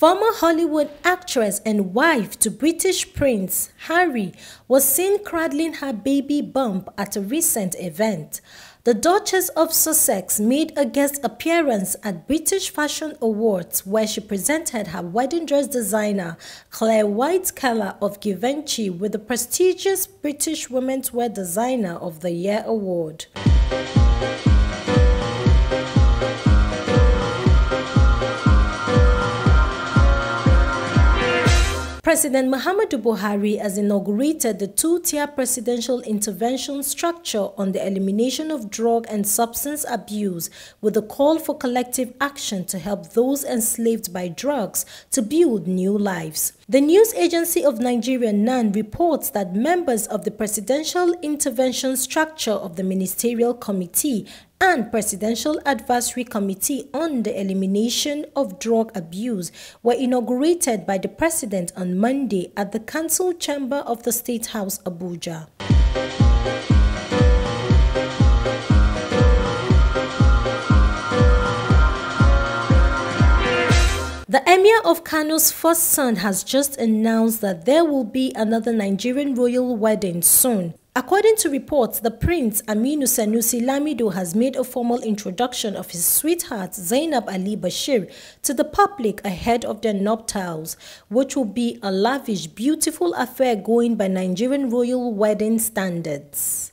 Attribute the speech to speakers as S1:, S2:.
S1: Former Hollywood actress and wife to British Prince Harry was seen cradling her baby bump at a recent event. The Duchess of Sussex made a guest appearance at British Fashion Awards where she presented her wedding dress designer Claire White Keller of Givenchy with the prestigious British Women's Wear Designer of the Year award. President Muhammadu Buhari has inaugurated the two-tier presidential intervention structure on the elimination of drug and substance abuse with a call for collective action to help those enslaved by drugs to build new lives. The news agency of Nigeria NAN reports that members of the presidential intervention structure of the ministerial committee and Presidential Advisory Committee on the Elimination of Drug Abuse were inaugurated by the President on Monday at the Council Chamber of the State House, Abuja. The Emir of Kano's first son has just announced that there will be another Nigerian royal wedding soon. According to reports, the prince Aminu Sanusi Lamido has made a formal introduction of his sweetheart Zainab Ali Bashir to the public ahead of their nuptials, which will be a lavish, beautiful affair going by Nigerian royal wedding standards.